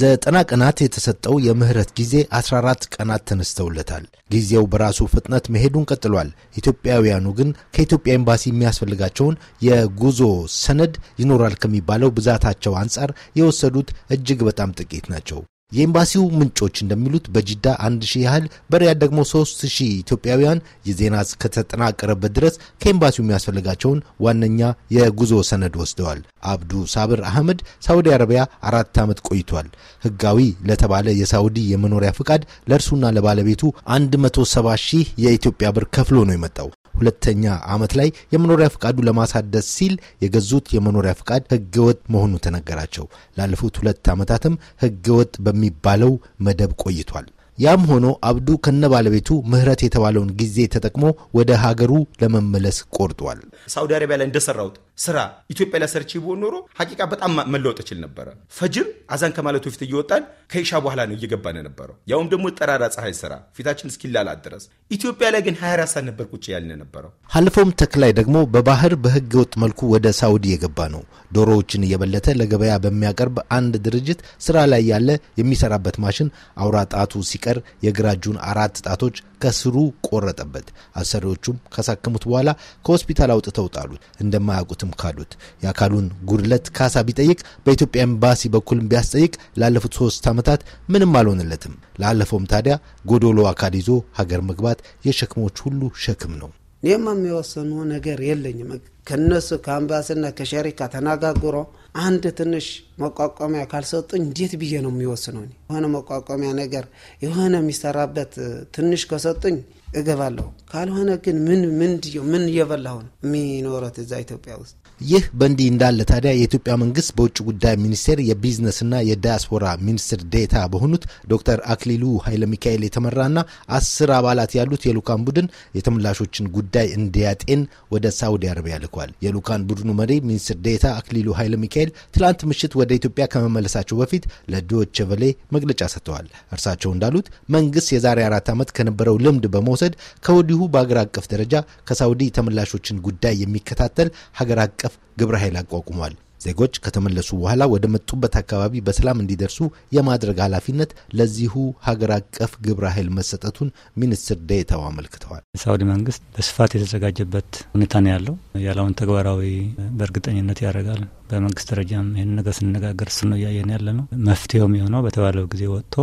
ዘጠና ቀናት የተሰጠው የምህረት ጊዜ 14 ቀናት ተነስተውለታል። ጊዜው በራሱ ፍጥነት መሄዱን ቀጥሏል። ኢትዮጵያውያኑ ግን ከኢትዮጵያ ኤምባሲ የሚያስፈልጋቸውን የጉዞ ሰነድ ይኖራል ከሚባለው ብዛታቸው አንጻር የወሰዱት እጅግ በጣም ጥቂት ናቸው። የኤምባሲው ምንጮች እንደሚሉት በጅዳ አንድ ሺህ ያህል በሪያድ ደግሞ ሶስት ሺህ ኢትዮጵያውያን የዜና እስከተጠናቀረበት ድረስ ከኤምባሲው የሚያስፈልጋቸውን ዋነኛ የጉዞ ሰነድ ወስደዋል። አብዱ ሳብር አህመድ ሳዑዲ አረቢያ አራት ዓመት ቆይቷል። ህጋዊ ለተባለ የሳዑዲ የመኖሪያ ፍቃድ ለእርሱና ለባለቤቱ 170 ሺህ የኢትዮጵያ ብር ከፍሎ ነው የመጣው። ሁለተኛ ዓመት ላይ የመኖሪያ ፍቃዱ ለማሳደስ ሲል የገዙት የመኖሪያ ፍቃድ ህገወጥ መሆኑ ተነገራቸው። ላለፉት ሁለት ዓመታትም ህገወጥ በሚባለው መደብ ቆይቷል። ያም ሆኖ አብዱ ከነ ባለቤቱ ምህረት የተባለውን ጊዜ ተጠቅሞ ወደ ሀገሩ ለመመለስ ቆርጧል። ሳውዲ አረቢያ ላይ እንደሰራሁት ስራ ኢትዮጵያ ላይ ሰርቼ ብሆን ኖሮ ሀቂቃ በጣም መለወጥ እችል ነበረ። ፈጅር አዛን ከማለቱ በፊት እየወጣን ከኢሻ በኋላ ነው እየገባን ነበረው። ያውም ደግሞ ጠራራ ፀሐይ ስራ ፊታችን እስኪላላት ድረስ። ኢትዮጵያ ላይ ግን 24 ሰዓት ነበር ቁጭ ያልን ነበረው። ሀልፎም ተክላይ ደግሞ በባህር በህገ ወጥ መልኩ ወደ ሳውዲ የገባ ነው። ዶሮዎችን እየበለተ ለገበያ በሚያቀርብ አንድ ድርጅት ስራ ላይ ያለ የሚሰራበት ማሽን አውራ ጣቱ ሲቀር የግራ እጁን አራት ጣቶች ከስሩ ቆረጠበት። አሰሪዎቹም ካሳከሙት በኋላ ከሆስፒታል አውጥተው ጣሉት፣ እንደማያውቁትም ካሉት። የአካሉን ጉድለት ካሳ ቢጠይቅ በኢትዮጵያ ኤምባሲ በኩልም ቢያስጠይቅ ላለፉት ሶስት ዓመታት ምንም አልሆነለትም። ላለፈውም ታዲያ ጎዶሎ አካል ይዞ ሀገር መግባት የሸክሞች ሁሉ ሸክም ነው። የሚወሰኑ ነገር የለኝም ከነሱ ከአምባስና ከሸሪካ ተነጋግሮ አንድ ትንሽ መቋቋሚያ ካልሰጡ እንዴት ብዬ ነው የሚወስነው? የሆነ መቋቋሚያ ነገር የሆነ የሚሰራበት ትንሽ ከሰጡኝ እገባለሁ፣ ካልሆነ ግን ምን ምንድየው ምን እየበላሁ ነው የሚኖረት እዛ ኢትዮጵያ ውስጥ። ይህ በእንዲህ እንዳለ ታዲያ የኢትዮጵያ መንግስት በውጭ ጉዳይ ሚኒስቴር የቢዝነስና የዳያስፖራ ሚኒስትር ዴታ በሆኑት ዶክተር አክሊሉ ኃይለ ሚካኤል የተመራና አስር አባላት ያሉት የልዑካን ቡድን የተመላሾችን ጉዳይ እንዲያጤን ወደ ሳውዲ አረቢያ ልኩ ተልኳል። የልዑካን ቡድኑ መሪ ሚኒስትር ዴታ አክሊሉ ኃይለ ሚካኤል ትላንት ምሽት ወደ ኢትዮጵያ ከመመለሳቸው በፊት ለዶች ቬለ መግለጫ ሰጥተዋል። እርሳቸው እንዳሉት መንግስት የዛሬ አራት ዓመት ከነበረው ልምድ በመውሰድ ከወዲሁ በአገር አቀፍ ደረጃ ከሳውዲ ተመላሾችን ጉዳይ የሚከታተል ሀገር አቀፍ ግብረ ኃይል አቋቁሟል። ዜጎች ከተመለሱ በኋላ ወደ መጡበት አካባቢ በሰላም እንዲደርሱ የማድረግ ኃላፊነት ለዚሁ ሀገር አቀፍ ግብረ ኃይል መሰጠቱን ሚኒስትር ዴኤታው አመልክተዋል። ሳኡዲ መንግስት በስፋት የተዘጋጀበት ሁኔታ ነው ያለው። ያለውን ተግባራዊ በእርግጠኝነት ያደርጋል። በመንግስት ደረጃም ይህን ነገር ስንነጋገር እሱ ነው እያየን ያለ ነው። መፍትሄው የሚሆነው በተባለው ጊዜ ወጥቶ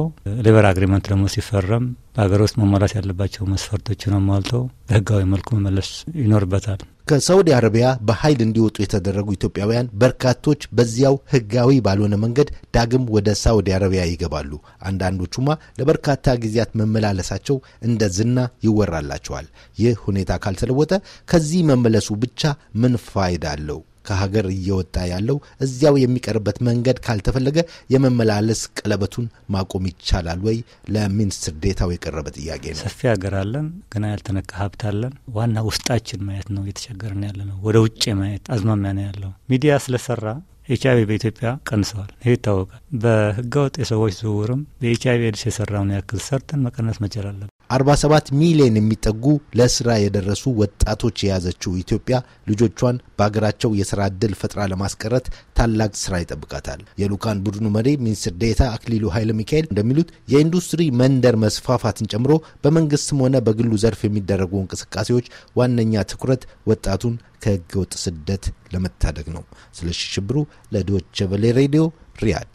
ሌበር አግሪመንት ደግሞ ሲፈረም በሀገር ውስጥ መሟላት ያለባቸው መስፈርቶችን አሟልቶ በህጋዊ መልኩ መመለስ ይኖርበታል። ከሳዑዲ አረቢያ በኃይል እንዲወጡ የተደረጉ ኢትዮጵያውያን በርካቶች በዚያው ህጋዊ ባልሆነ መንገድ ዳግም ወደ ሳዑዲ አረቢያ ይገባሉ። አንዳንዶቹማ ለበርካታ ጊዜያት መመላለሳቸው እንደ ዝና ይወራላቸዋል። ይህ ሁኔታ ካልተለወጠ ከዚህ መመለሱ ብቻ ምን ፋይዳ አለው? ከሀገር እየወጣ ያለው እዚያው የሚቀርበት መንገድ ካልተፈለገ የመመላለስ ቀለበቱን ማቆም ይቻላል ወይ? ለሚኒስትር ዴታው የቀረበ ጥያቄ ነው። ሰፊ ሀገር አለን፣ ገና ያልተነካ ሀብት አለን። ዋና ውስጣችን ማየት ነው እየተቸገርን ያለ ነው። ወደ ውጭ ማየት አዝማሚያ ነው ያለው። ሚዲያ ስለሰራ ኤች አይቪ በኢትዮጵያ ቀንሰዋል። ይህ ይታወቃል። በህገወጥ የሰዎች ዝውውርም በኤች አይቪ ኤድስ የሰራውን ያክል ሰርተን መቀነስ መቻል አለብን። 47 ሚሊዮን የሚጠጉ ለስራ የደረሱ ወጣቶች የያዘችው ኢትዮጵያ ልጆቿን በሀገራቸው የስራ እድል ፈጥራ ለማስቀረት ታላቅ ስራ ይጠብቃታል። የሉካን ቡድኑ መሪ ሚኒስትር ዴታ አክሊሉ ኃይለ ሚካኤል እንደሚሉት የኢንዱስትሪ መንደር መስፋፋትን ጨምሮ በመንግስትም ሆነ በግሉ ዘርፍ የሚደረጉ እንቅስቃሴዎች ዋነኛ ትኩረት ወጣቱን ከህገወጥ ስደት ለመታደግ ነው። ስለሺ ሽብሩ ለዶቸ ሬዲዮ ሪያድ